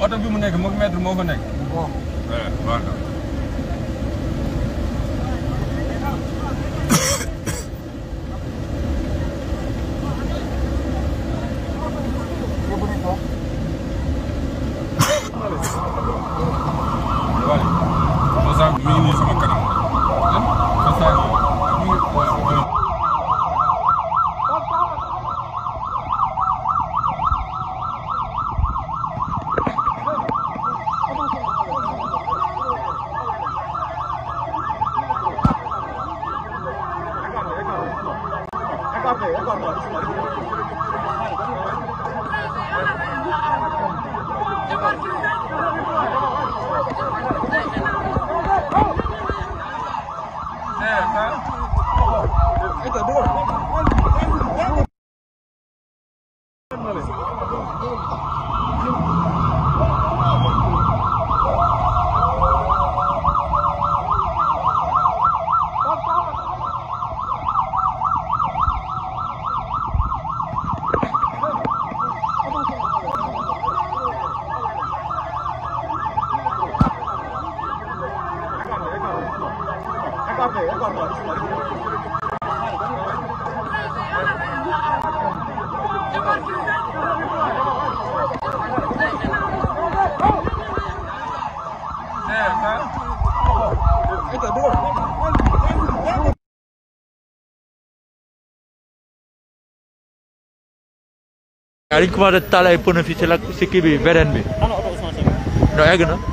oto bi mu nekk moom maître moo fa nekk. bon waaw. mi ngi nii Acabou, acabou. É, tá? Tá bom. yaa ngi ko war a taal ay e pneu fii ci la ci kii bi VDN bi. non egg na.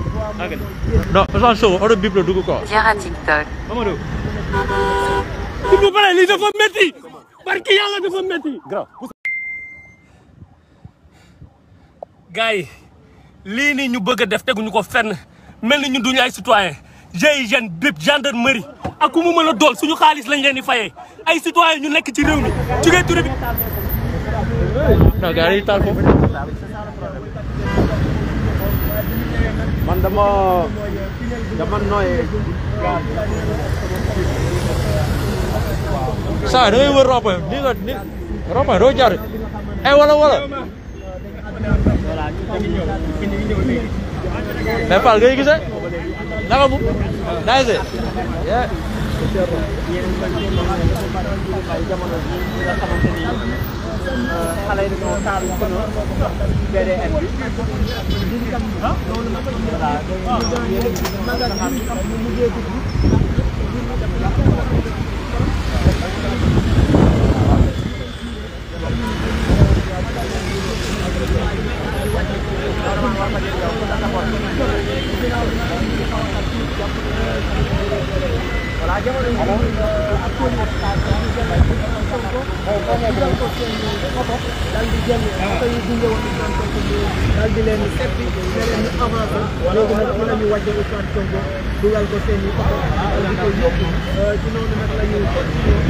non Ousmane Sonko oto bip la dugg quoi. jaaraat TikTok. Amadou. s'il vous plaît lii dafa métti. barki yàlla dafa métti. gars yi lii nii ñu bëgg a def teguñu ko fenn mel ni ñu duñu ay citoyen GIGN BIP gendarmerie ak ku mu mën a dool suñu xaalis lañ leen di fayee ay citoyen ñu nekk ci réew mi jugee tur bi. man dama dama noyé. saa da ngay wër rond-point ni nga ni rond-point doo jaar ay eh, wala wala. mais Fall ngay gisee naka mu. naaj see. yéen ay jamono bi nga xamante ni xale yi dañoo taal kono BDN bi. voilà daal di leen seppi ne leen ñu avancé léegi nag mën nañu wàcce Ousmane Sonko dugal ko seen i oto di ko yóbbu ci noonu nag la ñuy continuer